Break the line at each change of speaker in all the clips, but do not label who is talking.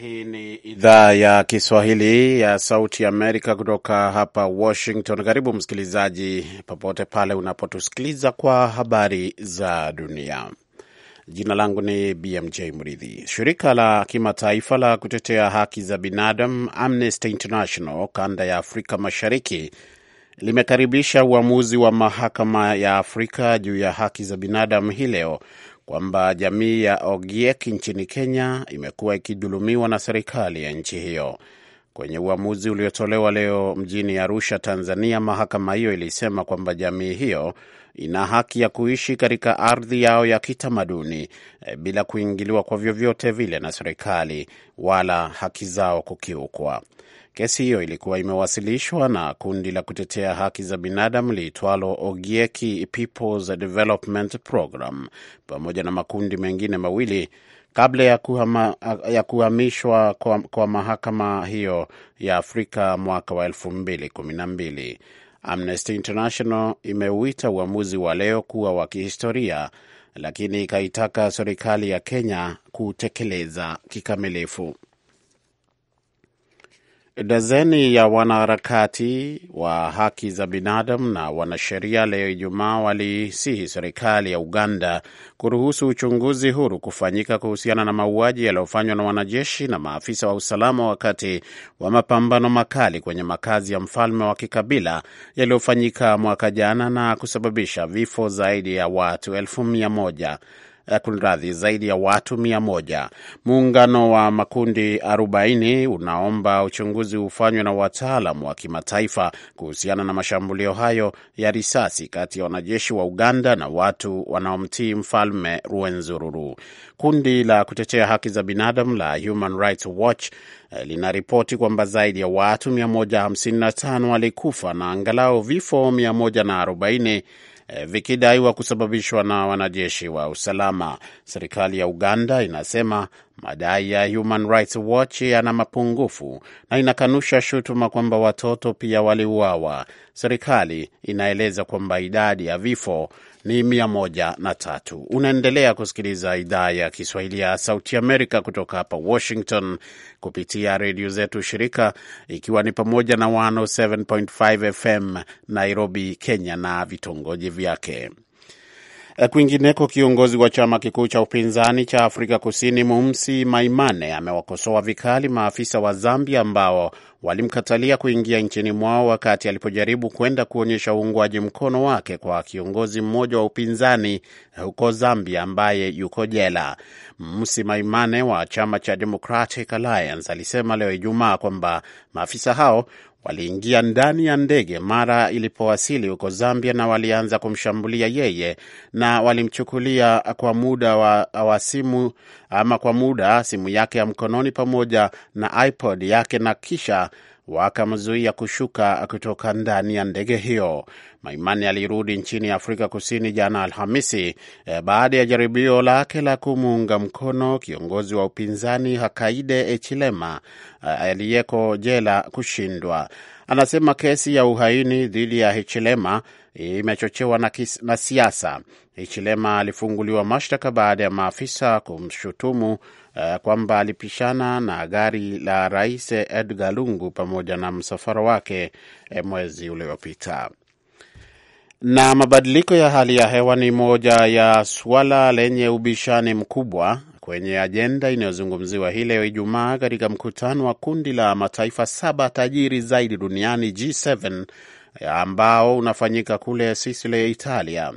Hii ni idhaa ya Kiswahili ya Sauti ya Amerika kutoka hapa Washington. Karibu msikilizaji, popote pale unapotusikiliza kwa habari za dunia. Jina langu ni BMJ Mridhi. Shirika la kimataifa la kutetea haki za binadamu Amnesty International kanda ya Afrika Mashariki limekaribisha uamuzi wa mahakama ya Afrika juu ya haki za binadamu hii leo kwamba jamii ya Ogiek nchini Kenya imekuwa ikidhulumiwa na serikali ya nchi hiyo. Kwenye uamuzi uliotolewa leo mjini Arusha, Tanzania, mahakama hiyo ilisema kwamba jamii hiyo ina haki ya kuishi katika ardhi yao ya kitamaduni e, bila kuingiliwa kwa vyovyote vile na serikali wala haki zao kukiukwa. Kesi hiyo ilikuwa imewasilishwa na kundi la kutetea haki za binadamu liitwalo Ogieki People's Development Program pamoja na makundi mengine mawili kabla ya, kuhama, ya kuhamishwa kwa, kwa mahakama hiyo ya Afrika mwaka wa mbili. Amnesty International imeuita uamuzi wa leo kuwa wa kihistoria, lakini ikaitaka serikali ya Kenya kutekeleza kikamilifu. Dazeni ya wanaharakati wa haki za binadamu na wanasheria leo Ijumaa walisihi serikali ya Uganda kuruhusu uchunguzi huru kufanyika kuhusiana na mauaji yaliyofanywa na wanajeshi na maafisa wa usalama wakati wa mapambano makali kwenye makazi ya mfalme wa kikabila yaliyofanyika mwaka jana na kusababisha vifo zaidi ya watu elfu mia moja. Eh, kunradhi, zaidi ya watu mia moja. Muungano wa makundi 40 unaomba uchunguzi ufanywe na wataalam wa kimataifa kuhusiana na mashambulio hayo ya risasi kati ya wanajeshi wa Uganda na watu wanaomtii mfalme ruenzururu Kundi la kutetea haki za binadamu la Human Rights Watch eh, linaripoti kwamba zaidi ya watu 155 walikufa na angalau vifo 140 Eh, vikidaiwa kusababishwa na wanajeshi wa usalama. Serikali ya Uganda inasema Madai ya Human Rights Watch yana mapungufu na inakanusha shutuma kwamba watoto pia waliuawa. Serikali inaeleza kwamba idadi ya vifo ni mia moja na tatu. Unaendelea kusikiliza idhaa ya Kiswahili ya Sauti Amerika kutoka hapa Washington kupitia redio zetu shirika, ikiwa ni pamoja na 107.5 FM Nairobi, Kenya na vitongoji vyake. Eh, kwingineko, kiongozi wa chama kikuu cha upinzani cha Afrika Kusini Mumsi Maimane amewakosoa vikali maafisa wa Zambia ambao walimkatalia kuingia nchini mwao wakati alipojaribu kwenda kuonyesha uungwaji mkono wake kwa kiongozi mmoja wa upinzani huko Zambia ambaye yuko jela. Mumsi Maimane wa chama cha Democratic Alliance alisema leo Ijumaa kwamba maafisa hao waliingia ndani ya ndege mara ilipowasili huko Zambia na walianza kumshambulia yeye na walimchukulia kwa muda wa, wa simu ama kwa muda simu yake ya mkononi pamoja na iPod yake na kisha wakamzuia kushuka kutoka ndani ya ndege hiyo. Maimani alirudi nchini Afrika Kusini jana Alhamisi e, baada ya jaribio lake la kumuunga mkono kiongozi wa upinzani Hakainde Hichilema e, aliyeko jela kushindwa. Anasema kesi ya uhaini dhidi ya Hichilema imechochewa na, na siasa. Hichilema alifunguliwa mashtaka baada ya maafisa kumshutumu uh, kwamba alipishana na gari la rais Edgar Lungu pamoja na msafara wake eh, mwezi uliopita. Na mabadiliko ya hali ya hewa ni moja ya suala lenye ubishani mkubwa kwenye ajenda inayozungumziwa hii leo Ijumaa katika mkutano wa kundi la mataifa saba tajiri zaidi duniani G7 ambao unafanyika kule Sisilia, Italia.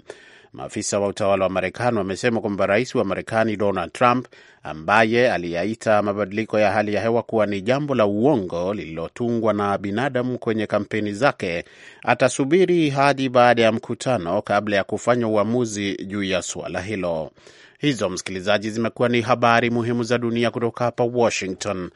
Maafisa wa utawala wa Marekani wamesema kwamba rais wa Marekani Donald Trump, ambaye aliyaita mabadiliko ya hali ya hewa kuwa ni jambo la uongo lililotungwa na binadamu kwenye kampeni zake, atasubiri hadi baada ya mkutano kabla ya kufanya uamuzi juu ya suala hilo. Hizo msikilizaji, zimekuwa ni habari muhimu za dunia kutoka hapa Washington.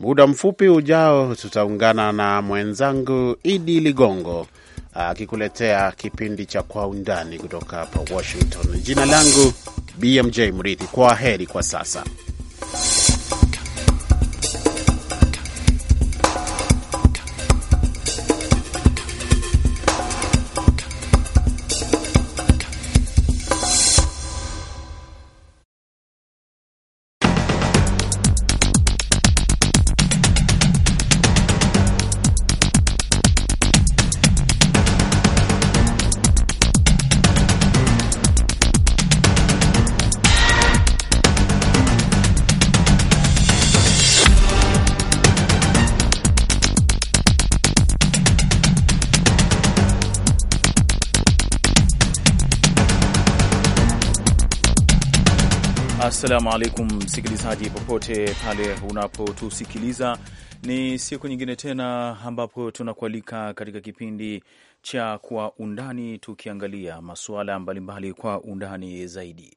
Muda mfupi ujao tutaungana na mwenzangu Idi Ligongo akikuletea kipindi cha Kwa Undani kutoka hapa Washington. Jina langu BMJ mrithi Kwa heri kwa sasa.
Assalamu alaikum msikilizaji, popote pale unapotusikiliza, ni siku nyingine tena ambapo tunakualika katika kipindi cha Kwa Undani, tukiangalia masuala mbalimbali kwa undani zaidi.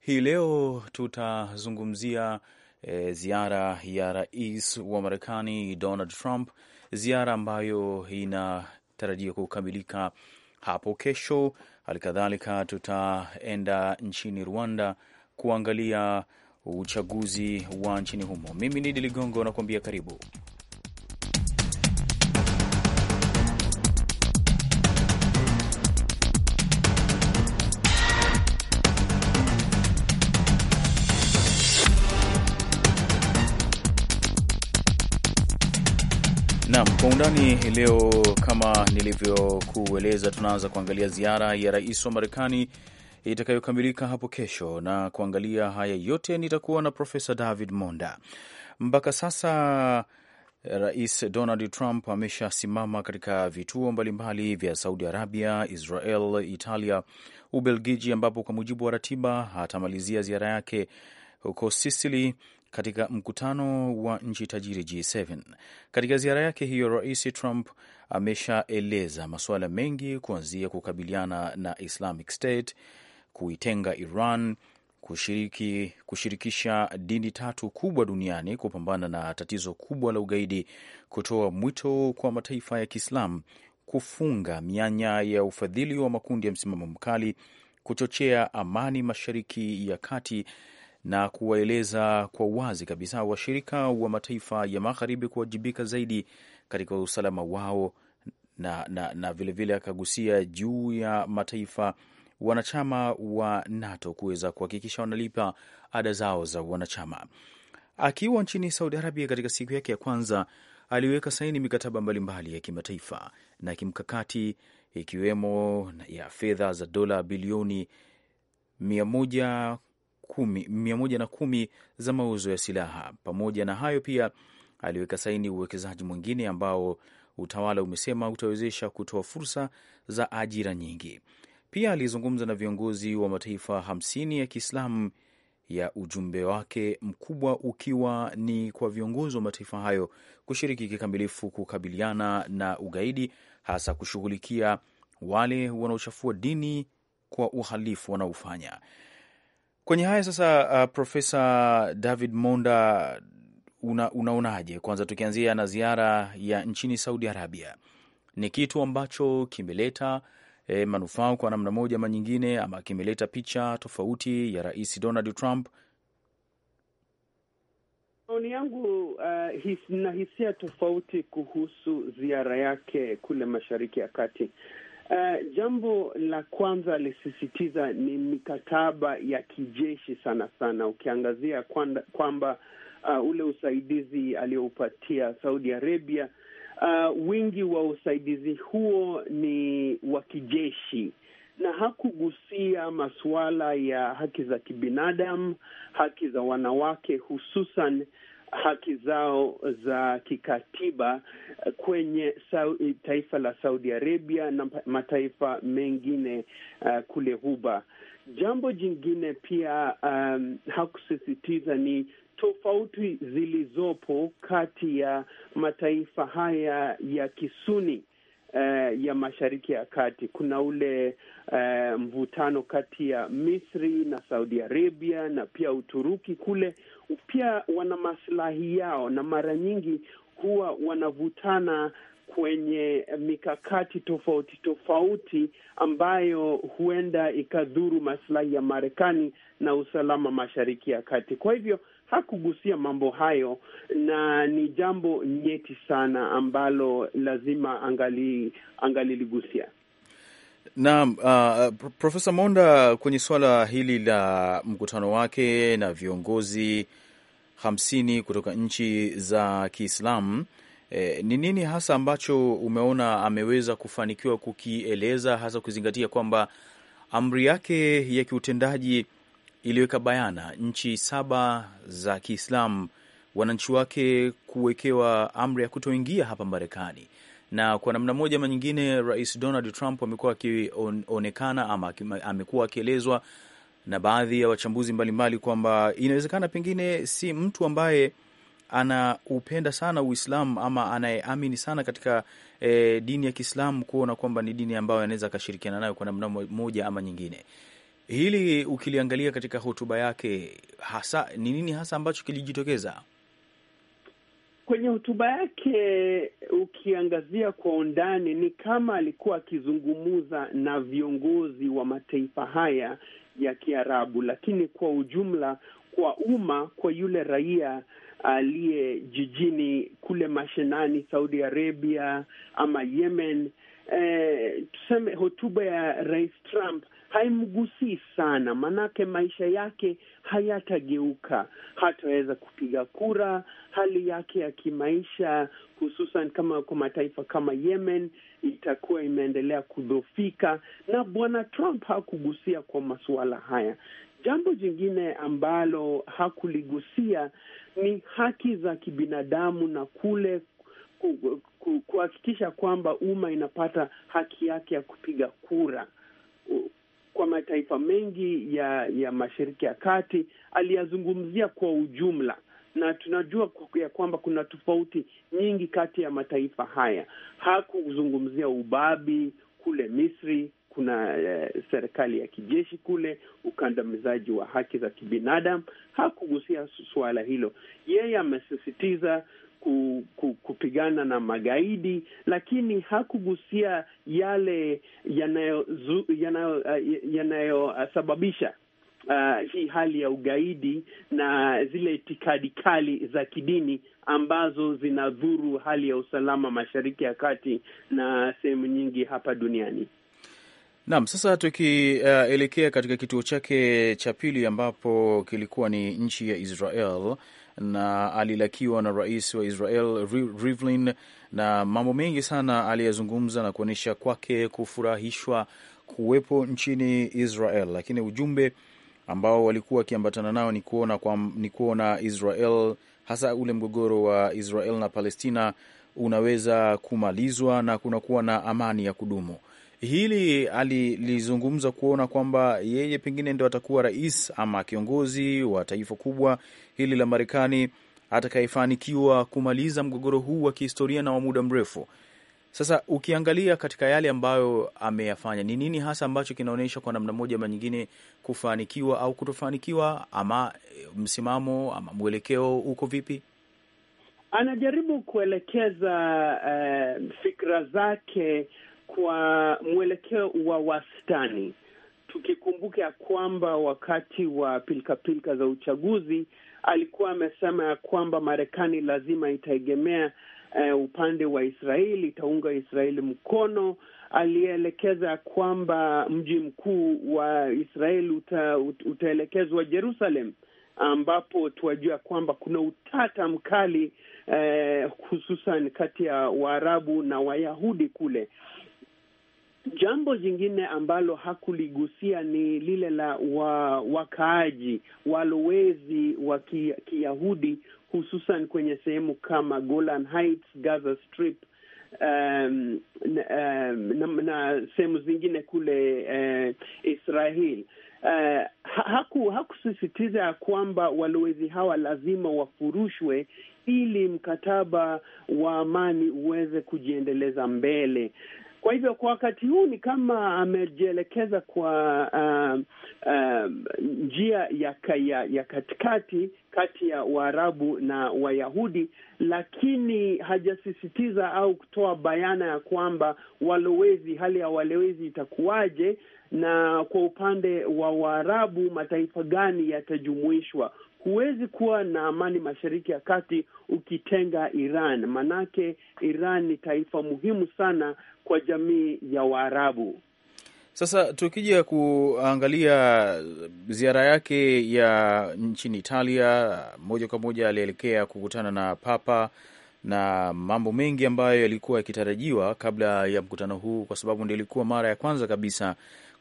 Hii leo tutazungumzia e, ziara ya rais wa Marekani Donald Trump, ziara ambayo inatarajia kukamilika hapo kesho. Halikadhalika tutaenda nchini Rwanda kuangalia uchaguzi wa nchini humo. Mimi ni Idi Ligongo nakuambia karibu. Naam, kwa undani leo, kama nilivyokueleza, tunaanza kuangalia ziara ya rais wa Marekani itakayokamilika hapo kesho, na kuangalia haya yote nitakuwa na Profesa David Monda. Mpaka sasa Rais Donald Trump ameshasimama katika vituo mbalimbali vya Saudi Arabia, Israel, Italia, Ubelgiji, ambapo kwa mujibu wa ratiba atamalizia ziara yake huko Sisili katika mkutano wa nchi tajiri G7. Katika ziara yake hiyo, Rais Trump ameshaeleza masuala mengi kuanzia kukabiliana na Islamic State kuitenga Iran, kushiriki, kushirikisha dini tatu kubwa duniani kupambana na tatizo kubwa la ugaidi, kutoa mwito kwa mataifa ya Kiislamu kufunga mianya ya ufadhili wa makundi ya msimamo mkali, kuchochea amani Mashariki ya Kati na kuwaeleza kwa wazi kabisa washirika wa mataifa ya magharibi kuwajibika zaidi katika usalama wao na vilevile na, vile akagusia juu ya mataifa wanachama wa NATO kuweza kuhakikisha wanalipa ada zao za wanachama. Akiwa nchini Saudi Arabia katika siku yake ya kwanza, aliweka saini mikataba mbalimbali mbali ya kimataifa na kimkakati, ikiwemo ya fedha za dola bilioni 110 110 za mauzo ya silaha. Pamoja na hayo, pia aliweka saini uwekezaji mwingine ambao utawala umesema utawezesha kutoa fursa za ajira nyingi. Pia alizungumza na viongozi wa mataifa hamsini ya Kiislamu, ya ujumbe wake mkubwa ukiwa ni kwa viongozi wa mataifa hayo kushiriki kikamilifu kukabiliana na ugaidi, hasa kushughulikia wale wanaochafua dini kwa uhalifu wanaofanya. Kwenye haya sasa, uh, Profesa David Monda, una, unaonaje? Kwanza tukianzia na ziara ya nchini Saudi Arabia, ni kitu ambacho kimeleta e, manufaa kwa namna moja ama nyingine, ama kimeleta picha tofauti ya Rais Donald Trump?
Maoni yangu uh, his, na hisia tofauti kuhusu ziara yake kule Mashariki ya Kati. Uh, jambo la kwanza alisisitiza ni mikataba ya kijeshi sana sana, ukiangazia kwamba uh, ule usaidizi aliyoupatia Saudi Arabia Uh, wingi wa usaidizi huo ni wa kijeshi na hakugusia masuala ya haki za kibinadamu, haki za wanawake, hususan haki zao za kikatiba kwenye taifa la Saudi Arabia na mataifa mengine uh, kule Ghuba. Jambo jingine pia um, hakusisitiza ni tofauti zilizopo kati ya mataifa haya ya kisuni eh, ya Mashariki ya Kati kuna ule eh, mvutano kati ya Misri na Saudi Arabia na pia Uturuki kule pia wana masilahi yao, na mara nyingi huwa wanavutana kwenye mikakati tofauti tofauti ambayo huenda ikadhuru maslahi ya Marekani na usalama Mashariki ya Kati. Kwa hivyo hakugusia mambo hayo, na ni jambo nyeti sana ambalo lazima angali angaliligusia.
Naam, uh, uh Profesa Monda, kwenye suala hili la mkutano wake na viongozi hamsini kutoka nchi za Kiislamu eh, ni nini hasa ambacho umeona ameweza kufanikiwa kukieleza hasa ukizingatia kwamba amri yake ya kiutendaji iliweka bayana nchi saba za Kiislamu wananchi wake kuwekewa amri ya kutoingia hapa Marekani. Na kwa namna moja ama nyingine, Rais Donald Trump amekuwa akionekana ama amekuwa akielezwa na baadhi ya wachambuzi mbalimbali kwamba inawezekana pengine si mtu ambaye anaupenda sana Uislamu ama anayeamini sana katika e, dini ya Kiislamu, kuona kwamba ni dini ambayo anaweza akashirikiana nayo kwa namna moja ama nyingine hili ukiliangalia katika hotuba yake, hasa ni nini hasa ambacho kilijitokeza
kwenye hotuba yake? Ukiangazia kwa undani, ni kama alikuwa akizungumza na viongozi wa mataifa haya ya Kiarabu, lakini kwa ujumla, kwa umma, kwa yule raia aliye jijini kule mashinani Saudi Arabia ama Yemen. Eh, tuseme hotuba ya Rais Trump haimgusii sana, manake maisha yake hayatageuka. Hataweza kupiga kura. Hali yake ya kimaisha, hususan kama kwa mataifa kama Yemen, itakuwa imeendelea kudhofika, na bwana Trump hakugusia kwa masuala haya. Jambo jingine ambalo hakuligusia ni haki za kibinadamu na kule kuhakikisha kwamba umma inapata haki yake ya kupiga kura kwa mataifa mengi ya ya Mashariki ya Kati aliyazungumzia kwa ujumla, na tunajua ya kwamba kuna tofauti nyingi kati ya mataifa haya. Hakuzungumzia ubabi kule Misri kuna uh, serikali ya kijeshi kule, ukandamizaji wa haki za kibinadamu. Hakugusia suala hilo. Yeye amesisitiza ku, ku, kupigana na magaidi, lakini hakugusia yale yanayosababisha uh, uh, uh, hii hali ya ugaidi na zile itikadi kali za kidini ambazo zinadhuru hali ya usalama Mashariki ya Kati na sehemu nyingi hapa duniani.
Naam, sasa tukielekea uh, katika kituo chake cha pili ambapo kilikuwa ni nchi ya Israel na alilakiwa na rais wa Israel Rivlin, na mambo mengi sana aliyezungumza na kuonyesha kwake kufurahishwa kuwepo nchini Israel, lakini ujumbe ambao walikuwa wakiambatana nao ni kuona, kwa, ni kuona Israel hasa ule mgogoro wa Israel na Palestina unaweza kumalizwa na kunakuwa na amani ya kudumu hili alilizungumza kuona kwamba yeye pengine ndo atakuwa rais ama kiongozi wa taifa kubwa hili la Marekani atakayefanikiwa kumaliza mgogoro huu wa kihistoria na wa muda mrefu. Sasa ukiangalia katika yale ambayo ameyafanya, ni nini hasa ambacho kinaonyesha kwa namna moja ama nyingine kufanikiwa au kutofanikiwa, ama eh, msimamo ama mwelekeo uko vipi?
Anajaribu kuelekeza uh, fikra zake kwa mwelekeo wa wastani, tukikumbuka ya kwamba wakati wa pilkapilka -pilka za uchaguzi alikuwa amesema ya kwamba Marekani lazima itaegemea eh, upande wa Israeli, itaunga Israeli mkono. Alielekeza ya kwamba mji mkuu wa Israeli uta, utaelekezwa Jerusalem ambapo tuwajua kwamba kuna utata mkali eh, hususan kati ya Waarabu na Wayahudi kule. Jambo jingine ambalo hakuligusia ni lile la wa, wakaaji walowezi wa Kiyahudi hususan kwenye sehemu kama Golan Heights, Gaza Strip um, um, na, na sehemu zingine kule uh, Israel. Uh, haku, hakusisitiza ya kwamba walowezi hawa lazima wafurushwe ili mkataba wa amani uweze kujiendeleza mbele. Kwa hivyo kwa wakati huu ni kama amejielekeza kwa um, um, njia ya, ya, ya katikati kati ya Waarabu na Wayahudi, lakini hajasisitiza au kutoa bayana ya kwamba walowezi, hali ya walowezi itakuwaje, na kwa upande wa Waarabu mataifa gani yatajumuishwa. Huwezi kuwa na amani Mashariki ya Kati ukitenga Iran, manake Iran ni taifa muhimu sana kwa jamii ya Waarabu.
Sasa tukija kuangalia ziara yake ya nchini Italia, moja kwa moja alielekea kukutana na Papa na mambo mengi ambayo yalikuwa yakitarajiwa kabla ya mkutano huu, kwa sababu ndio ilikuwa mara ya kwanza kabisa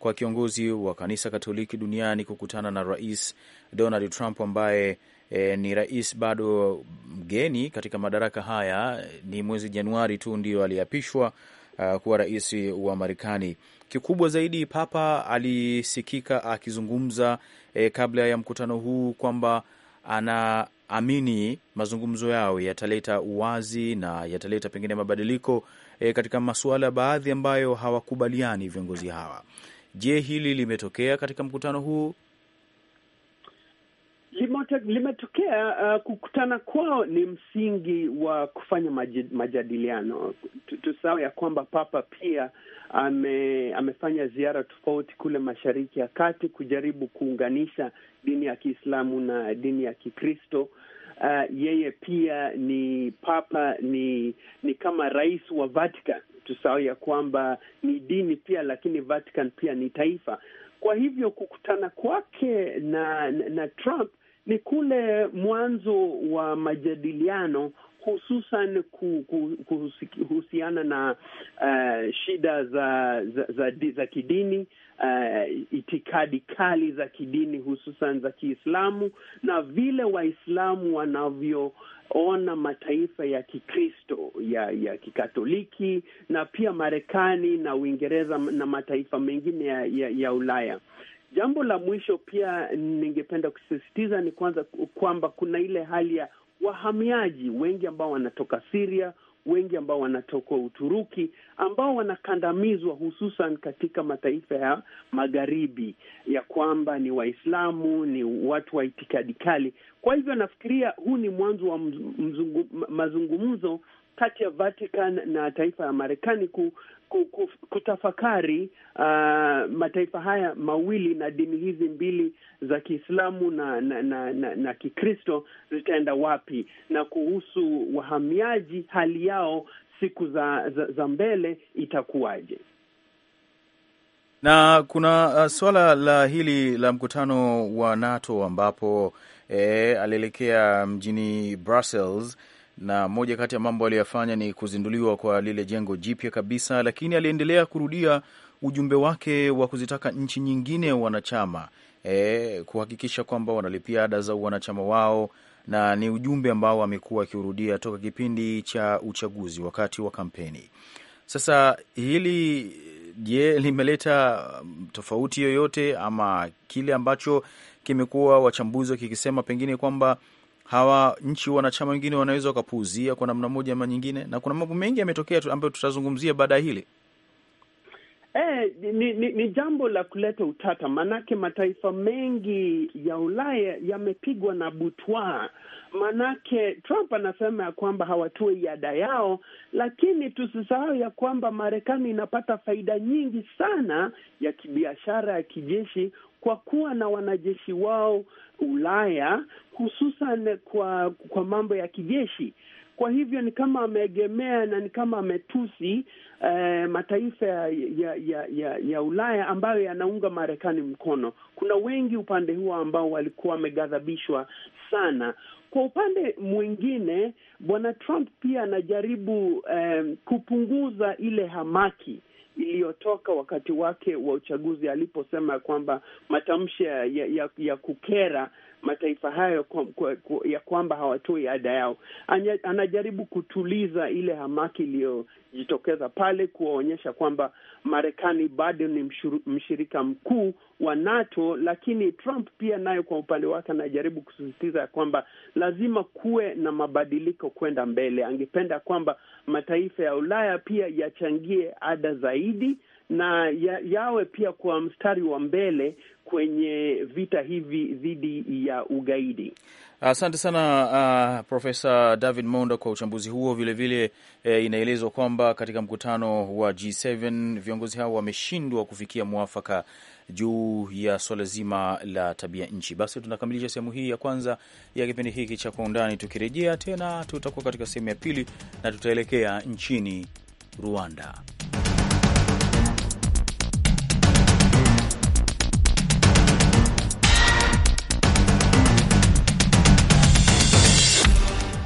kwa kiongozi wa kanisa Katoliki duniani kukutana na Rais Donald Trump ambaye E, ni rais bado mgeni katika madaraka haya. Ni mwezi Januari tu ndio aliapishwa uh, kuwa rais wa Marekani. Kikubwa zaidi, Papa alisikika akizungumza e, kabla ya mkutano huu kwamba anaamini mazungumzo yao yataleta uwazi na yataleta pengine mabadiliko e, katika masuala baadhi ambayo hawakubaliani viongozi hawa. Je, hili limetokea katika mkutano huu?
Limetokea. Uh, kukutana kwao ni msingi wa kufanya majadiliano. Tusahau ya kwamba Papa pia ame, amefanya ziara tofauti kule Mashariki ya Kati kujaribu kuunganisha dini ya Kiislamu na dini ya Kikristo. Uh, yeye pia ni Papa, ni ni kama rais wa Vatican tusahau ya kwamba ni dini pia, lakini Vatican pia ni taifa. Kwa hivyo kukutana kwake na, na, na Trump ni kule mwanzo wa majadiliano hususan kuhusiana na uh, shida za za, za za kidini uh, itikadi kali za kidini hususan za Kiislamu na vile Waislamu wanavyoona mataifa ya Kikristo ya ya Kikatoliki na pia Marekani na Uingereza na mataifa mengine ya, ya, ya Ulaya. Jambo la mwisho pia ningependa kusisitiza ni kwanza kwamba kuna ile hali ya wahamiaji wengi ambao wanatoka Syria wengi ambao wanatokwa Uturuki ambao wanakandamizwa hususan katika mataifa ya magharibi, ya kwamba ni Waislamu, ni watu wa itikadi kali. Kwa hivyo nafikiria huu ni mwanzo wa mzungu, mazungumzo kati ya Vatican na taifa ya Marekani kutafakari uh, mataifa haya mawili na dini hizi mbili za Kiislamu na na, na, na, na Kikristo zitaenda wapi, na kuhusu wahamiaji, hali yao siku za, za, za mbele itakuwaje?
Na kuna uh, suala la hili la mkutano wa NATO ambapo eh, alielekea mjini Brussels na moja kati ya mambo aliyoyafanya ni kuzinduliwa kwa lile jengo jipya kabisa, lakini aliendelea kurudia ujumbe wake wa kuzitaka nchi nyingine wanachama e, kuhakikisha kwamba wanalipia ada za wanachama wao, na ni ujumbe ambao amekuwa akiurudia toka kipindi cha uchaguzi wakati wa kampeni. Sasa hili je, limeleta tofauti yoyote ama kile ambacho kimekuwa wachambuzi wakikisema pengine kwamba hawa nchi wanachama wengine wanaweza wakapuuzia kwa namna moja ama nyingine, na kuna mambo mengi yametokea ambayo tutazungumzia baada ya hili.
Eh, ni, ni, ni jambo la kuleta utata, maanake mataifa mengi ya Ulaya yamepigwa na butwa, Maanake Trump anasema ya kwamba hawatue iada yao, lakini tusisahau ya kwamba Marekani inapata faida nyingi sana ya kibiashara, ya kijeshi kwa kuwa na wanajeshi wao Ulaya, hususan kwa kwa mambo ya kijeshi. Kwa hivyo ni kama ameegemea na ni kama ametusi eh, mataifa ya ya, ya ya Ulaya ambayo yanaunga Marekani mkono. Kuna wengi upande huo ambao walikuwa wameghadhabishwa sana. Kwa upande mwingine, bwana Trump pia anajaribu eh, kupunguza ile hamaki iliyotoka wakati wake wa uchaguzi aliposema kwamba matamshi ya, ya, ya kukera mataifa hayo kwa, kwa, kwa, ya kwamba hawatoi ada yao. Anajaribu kutuliza ile hamaki iliyojitokeza pale, kuwaonyesha kwamba Marekani bado ni mshuru, mshirika mkuu wa NATO, lakini Trump pia nayo kwa upande wake anajaribu kusisitiza ya kwamba lazima kuwe na mabadiliko kwenda mbele. Angependa kwamba mataifa ya Ulaya pia yachangie ada zaidi na ya, yawe pia kwa mstari wa mbele kwenye vita hivi dhidi ya ugaidi.
Asante sana uh, Profesa David Monda kwa uchambuzi huo. Vilevile vile, eh, inaelezwa kwamba katika mkutano wa G7 viongozi hao wameshindwa kufikia mwafaka juu ya swala zima la tabia nchi. Basi tunakamilisha sehemu hii ya kwanza ya kipindi hiki cha Kwa Undani. Tukirejea tena, tutakuwa katika sehemu ya pili na tutaelekea nchini Rwanda.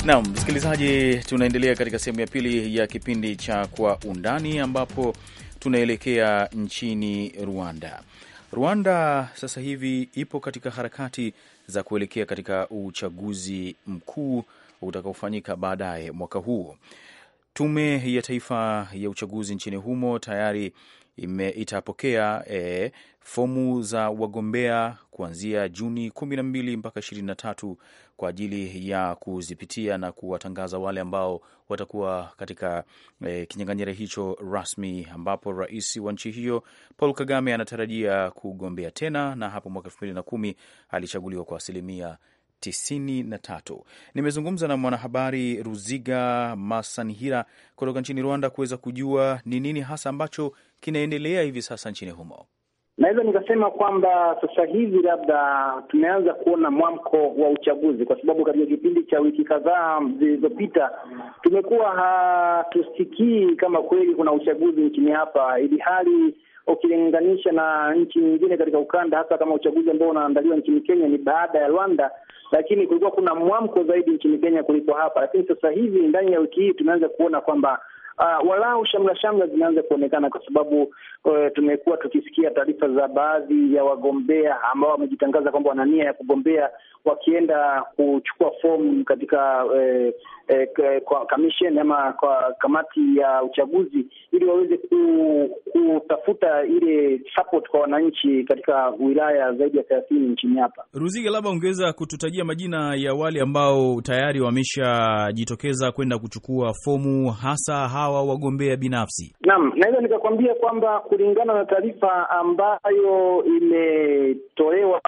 Naam, msikilizaji, tunaendelea katika sehemu ya pili ya kipindi cha Kwa Undani, ambapo tunaelekea nchini Rwanda. Rwanda sasa hivi ipo katika harakati za kuelekea katika uchaguzi mkuu utakaofanyika baadaye mwaka huu. Tume ya Taifa ya Uchaguzi nchini humo tayari ime, itapokea e, fomu za wagombea kuanzia Juni 12 mpaka 23 kwa ajili ya kuzipitia na kuwatangaza wale ambao watakuwa katika e, kinyang'anyiro hicho rasmi, ambapo rais wa nchi hiyo Paul Kagame anatarajia kugombea tena, na hapo mwaka 2010 alichaguliwa kwa asilimia 93. Nimezungumza na mwanahabari Ruziga Masanhira kutoka nchini Rwanda kuweza kujua ni nini hasa ambacho kinaendelea hivi sasa nchini humo.
Naweza nikasema kwamba sasa hivi labda tumeanza kuona mwamko wa uchaguzi, kwa sababu katika kipindi cha wiki kadhaa zilizopita tumekuwa hatusikii kama kweli kuna uchaguzi nchini hapa, ili hali ukilinganisha na nchi nyingine katika ukanda, hasa kama uchaguzi ambao unaandaliwa nchini Kenya ni baada ya Rwanda, lakini kulikuwa kuna mwamko zaidi nchini Kenya kuliko hapa. Lakini sasa hivi ndani ya wiki hii tumeanza kuona kwamba uh, walau shamla shamla zinaanza kuonekana, kwa sababu uh, tumekuwa tukisikia taarifa za baadhi ya wagombea ambao wamejitangaza kwamba wana nia ya kugombea wakienda kuchukua fomu katika eh, eh, kwa kamishen ama kwa kamati ya uchaguzi ili waweze kutafuta ile support kwa wananchi katika wilaya zaidi ya thelathini nchini hapa.
Ruzige, labda ungeweza kututajia majina ya wale ambao tayari wameshajitokeza kwenda kuchukua fomu hasa ha hawa wagombea binafsi?
Naam, naweza nikakwambia kwamba kulingana na taarifa ambayo imetolewa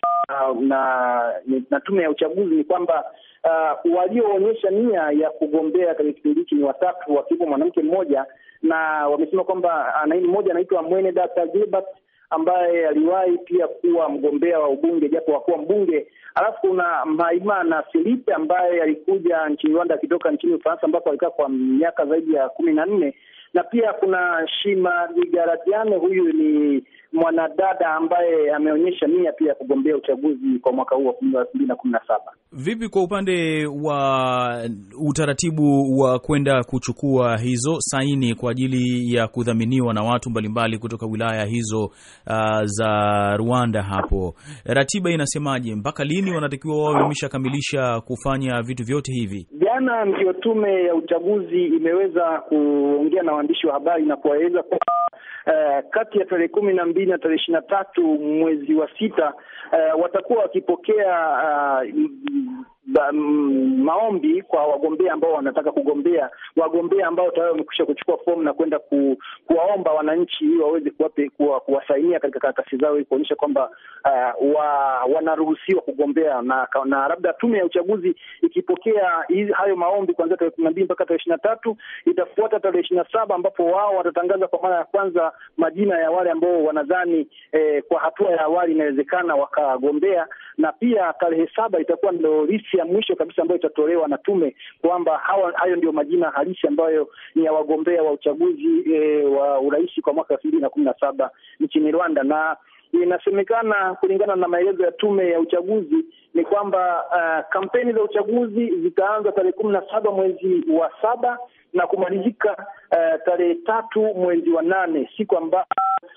uh, na, na tume ya uchaguzi ni kwamba uh, walioonyesha nia ya kugombea katika kipindi hiki ni watatu, wakiwepo mwanamke mmoja, na wamesema kwamba uh, mmoja anaitwa Data Gilbert ambaye aliwahi pia kuwa mgombea wa ubunge japo hakuwa mbunge. Alafu kuna Mpayimana Philippe ambaye alikuja nchini Rwanda akitoka nchini Ufaransa ambapo alikaa kwa miaka zaidi ya kumi na nne na pia kuna Shima Digaradiane, huyu ni mwanadada ambaye ameonyesha nia pia ya kugombea uchaguzi kwa mwaka huu wa elfu mbili na kumi na
saba. Vipi kwa upande wa utaratibu wa kwenda kuchukua hizo saini kwa ajili ya kudhaminiwa na watu mbalimbali kutoka wilaya hizo uh, za Rwanda hapo, ratiba inasemaje? Mpaka lini wanatakiwa wao wameshakamilisha kufanya vitu vyote hivi?
Jana ndiyo tume ya uchaguzi imeweza kuongea na waandishi wa habari na kuwaeleza kwa Eh, kati ya tarehe kumi na mbili na tarehe ishirini na tatu mwezi wa sita uh, watakuwa wakipokea uh, Ba, maombi kwa wagombea ambao wanataka kugombea, wagombea ambao tayari wamekwisha kuchukua fomu na kwenda ku, kuwaomba wananchi ili waweze kuwa, kuwasainia katika karatasi zao ili kuonyesha kwamba uh, wa, wanaruhusiwa kugombea na, na labda tume ya uchaguzi ikipokea hizi, hayo maombi kuanzia tarehe kumi na mbili mpaka tarehe ishirini na tatu itafuata tarehe ishirini na saba ambapo wao watatangaza kwa mara ya kwanza majina ya wale ambao wanadhani eh, kwa hatua ya awali inawezekana akagombea, na pia tarehe saba itakuwa ndo lisi ya mwisho kabisa ambayo itatolewa na tume kwamba hayo ndio majina halisi ambayo ni ya wagombea wa uchaguzi e, wa urais kwa mwaka elfu mbili na kumi na saba nchini Rwanda na Inasemekana kulingana na maelezo ya tume ya uchaguzi ni kwamba uh, kampeni za uchaguzi zitaanza tarehe kumi na saba mwezi wa saba na kumalizika uh, tarehe tatu mwezi wa nane, siku ambayo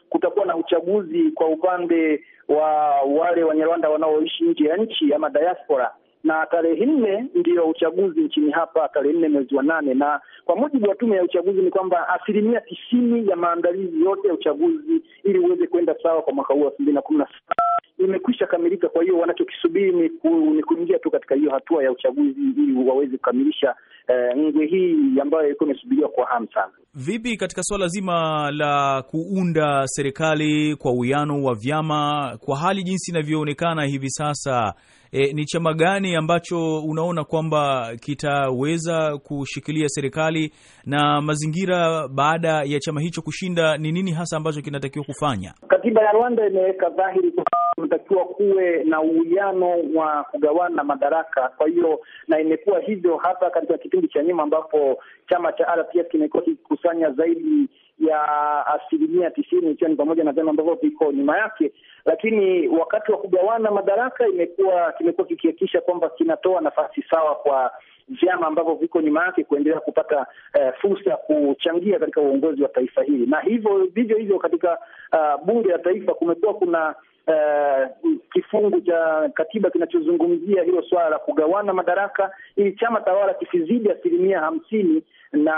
kutakuwa na uchaguzi kwa upande wa wale Wanyarwanda wanaoishi nje ya nchi ama diaspora na tarehe nne ndiyo uchaguzi nchini hapa, tarehe nne mwezi wa nane. Na kwa mujibu wa tume ya uchaguzi ni kwamba asilimia tisini ya maandalizi yote ya uchaguzi ili uweze kwenda sawa kwa mwaka huu elfu mbili na kumi na saba imekwisha kamilika. Kwa hiyo wanachokisubiri ni, ku, ni kuingia tu katika hiyo hatua ya uchaguzi ili waweze kukamilisha eh, ngwe hii ambayo ilikuwa imesubiriwa kwa hamu
sana. Vipi katika suala zima la kuunda serikali kwa uwiano wa vyama, kwa hali jinsi inavyoonekana hivi sasa e, ni chama gani ambacho unaona kwamba kitaweza kushikilia serikali na mazingira baada ya chama hicho kushinda? Ni nini hasa ambacho kinatakiwa kufanya?
Katiba ya Rwanda imeweka dhahiri unatakiwa kuwe na uwiano wa kugawana madaraka. Kwa hiyo na imekuwa hivyo hata katika kipindi cha nyuma ambapo chama cha RPF kimekuwa kikikusanya zaidi ya asilimia tisini ikiwa ni pamoja na vyama ambavyo viko nyuma yake, lakini wakati wa kugawana madaraka imekuwa kimekuwa kikihakikisha kwamba kinatoa nafasi sawa kwa vyama ambavyo viko nyuma yake kuendelea kupata eh, fursa ya kuchangia katika uongozi wa taifa hili, na hivyo vivyo hivyo katika uh, bunge la taifa kumekuwa kuna uh, kifungu cha katiba kinachozungumzia hilo swala la kugawana madaraka ili chama tawala kisizidi asilimia hamsini, na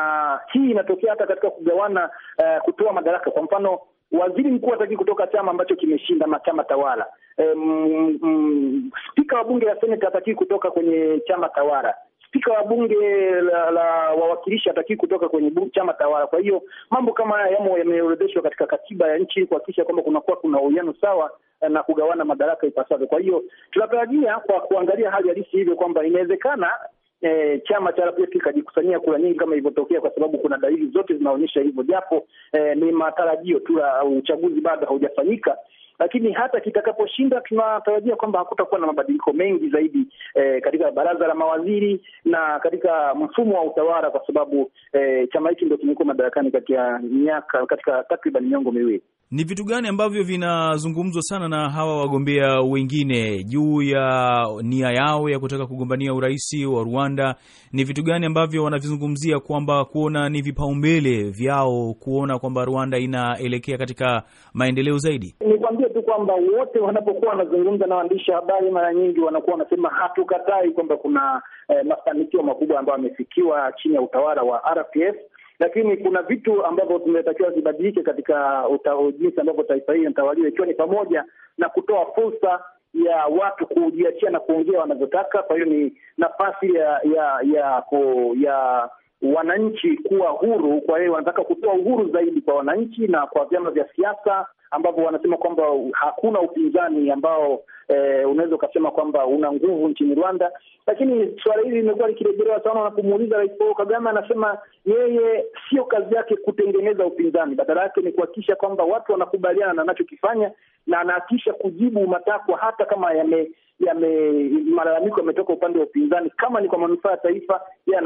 hii inatokea hata katika kugawana uh, kutoa madaraka. Kwa mfano waziri mkuu hataki kutoka chama ambacho kimeshinda chama tawala. Um, um, spika wa bunge la seneti hataki kutoka kwenye chama tawala spika wa bunge la, la wawakilishi hatakii kutoka kwenye bu, chama tawala. Kwa hiyo mambo kama haya yamo yameorodheshwa katika katiba ya nchi kuhakikisha kwamba kunakuwa kuna uwiano sawa Eh, na kugawana madaraka ipasavyo. Kwa hiyo tunatarajia kwa kuangalia hali halisi hivyo kwamba inawezekana E, chama cha RPF kikajikusanyia kura nyingi kama ilivyotokea, kwa sababu kuna dalili zote zinaonyesha hivyo, japo e, ni matarajio tu, uchaguzi bado haujafanyika, lakini hata kitakaposhinda tunatarajia kwamba hakutakuwa na mabadiliko mengi zaidi e, katika baraza la mawaziri na katika mfumo wa utawala, kwa sababu e, chama hiki ndio kimekuwa madarakani katika miaka katika takriban miongo miwili.
Ni vitu gani ambavyo vinazungumzwa sana na hawa wagombea wengine juu ya nia yao ya kutaka kugombania urais wa Rwanda? Ni vitu gani ambavyo wanavizungumzia kwamba kuona ni vipaumbele vyao kuona kwamba Rwanda inaelekea katika maendeleo zaidi?
Nikwambie tu kwamba wote wanapokuwa wanazungumza na waandishi habari, mara nyingi wanakuwa wanasema hatukatai kwamba kuna eh, mafanikio makubwa ambayo yamefikiwa chini ya utawala wa RPF lakini kuna vitu ambavyo tunatakiwa vibadilike katika jinsi ambavyo taifa hili linatawaliwa, ikiwa ni pamoja na kutoa fursa ya watu kujiachia na kuongea wanavyotaka. Kwa hiyo ni nafasi ya ya ya, ya, ya wananchi kuwa huru. Kwa hiyo wanataka kutoa uhuru zaidi kwa wananchi na kwa vyama vya siasa ambavyo wanasema kwamba hakuna upinzani ambao e, unaweza ukasema kwamba una nguvu nchini Rwanda. Lakini suala hili limekuwa likirejelewa sana na kumuuliza Rais Paul Kagame, anasema yeye sio kazi yake kutengeneza upinzani, badala yake ni kuhakikisha kwamba watu wanakubaliana na anachokifanya na anahakikisha kujibu matakwa hata kama yame yame malalamiko yametoka upande wa upinzani. Kama ni kwa manufaa ya taifa, yeye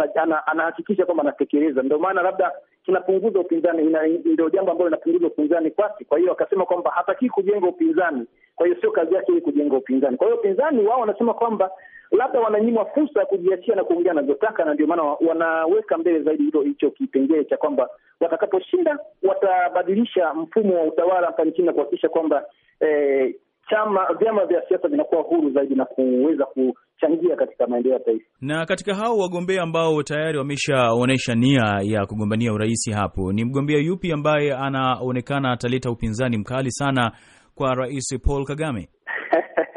anahakikisha kwamba anatekeleza. Ndio maana labda tunapunguza upinzani, ndio jambo ambalo linapunguza upinzani kwake. Kwa hiyo akasema kwamba hatakii kujenga upinzani, kwa hiyo sio kazi yake hii kujenga upinzani. Kwa hiyo upinzani wao wanasema kwamba labda wananyimwa fursa ya kujiachia na kuongea anavyotaka, na ndio maana wanaweka mbele zaidi hilo hicho kipengele cha kwamba watakaposhinda watabadilisha mfumo wa utawala hapa nchini na kuhakikisha kwamba eh, chama vyama vya siasa vinakuwa huru zaidi na kuweza kuchangia katika maendeleo ya taifa.
Na katika hao wagombea ambao tayari wameshaonyesha nia ya kugombania urais, hapo ni mgombea yupi ambaye anaonekana ataleta upinzani mkali sana kwa Rais Paul Kagame?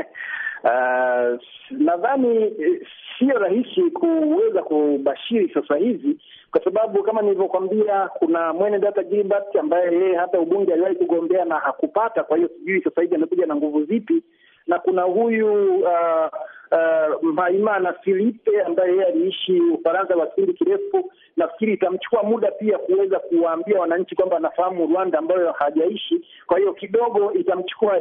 Uh, nadhani eh, sio rahisi kuweza kubashiri sasa hivi kwa sababu kama nilivyokwambia, kuna mwene data Gilbert ambaye yeye hata ubunge aliwahi kugombea na hakupata. Kwa hiyo sijui sasa hivi amekuja na nguvu zipi, na kuna huyu uh, uh, Philippe ambaye yeye aliishi Ufaransa kwa kipindi kirefu. Nafikiri itamchukua muda pia kuweza kuwaambia wananchi kwamba anafahamu Rwanda ambayo hajaishi, kwa hiyo kidogo itamchukua,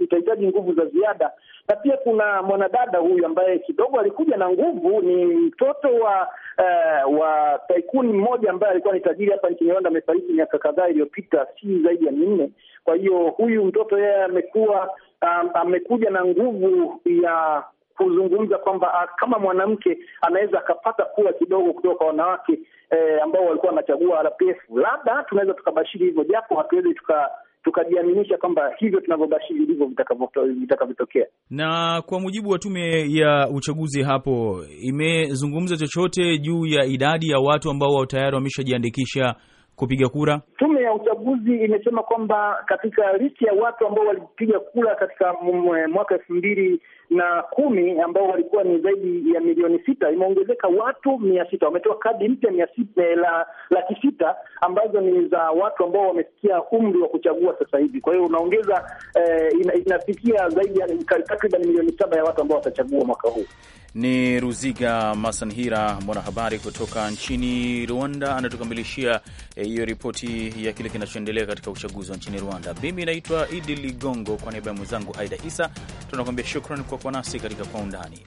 itahitaji nguvu za ziada. Na pia kuna mwanadada huyu ambaye kidogo alikuja na nguvu, ni mtoto wa uh, wa taikuni mmoja ambaye alikuwa ni tajiri hapa nchini Rwanda, amefariki miaka kadhaa iliyopita, si zaidi ya minne. Kwa hiyo huyu mtoto yeye amekuwa um, amekuja na nguvu ya kuzungumza kwamba ah, kama mwanamke anaweza akapata kura kidogo kutoka kwa wanawake eh, ambao walikuwa wanachagua RPF, labda tunaweza tukabashiri hivyo, japo hatuwezi tuka tukajiaminisha kwamba hivyo tunavyobashiri ndivyo
vitakavyotokea. Na kwa mujibu wa tume ya uchaguzi hapo, imezungumza chochote juu ya idadi ya watu ambao tayari wameshajiandikisha kupiga kura.
Tume ya uchaguzi imesema kwamba katika listi ya watu ambao walipiga kura katika mwaka elfu mbili na kumi ambao walikuwa ni zaidi ya milioni sita, imeongezeka watu mia sita. Wametoa kadi mpya mia sita eh, la laki sita ambazo ni za watu ambao wamefikia umri wa kuchagua sasa hivi. Kwa hiyo unaongeza eh, ina, inafikia zaidi ya takriban milioni saba ya watu ambao watachagua mwaka huu.
Ni Ruziga Masanhira, mwanahabari kutoka nchini Rwanda, anatukamilishia eh, hiyo eh, ripoti ya kile kinachoendelea katika uchaguzi wa nchini Rwanda. Mimi naitwa Idi Ligongo, kwa niaba ya mwenzangu Aida Isa tunakuambia shukran kwa kwa kuwa nasi katika Kwa Undani.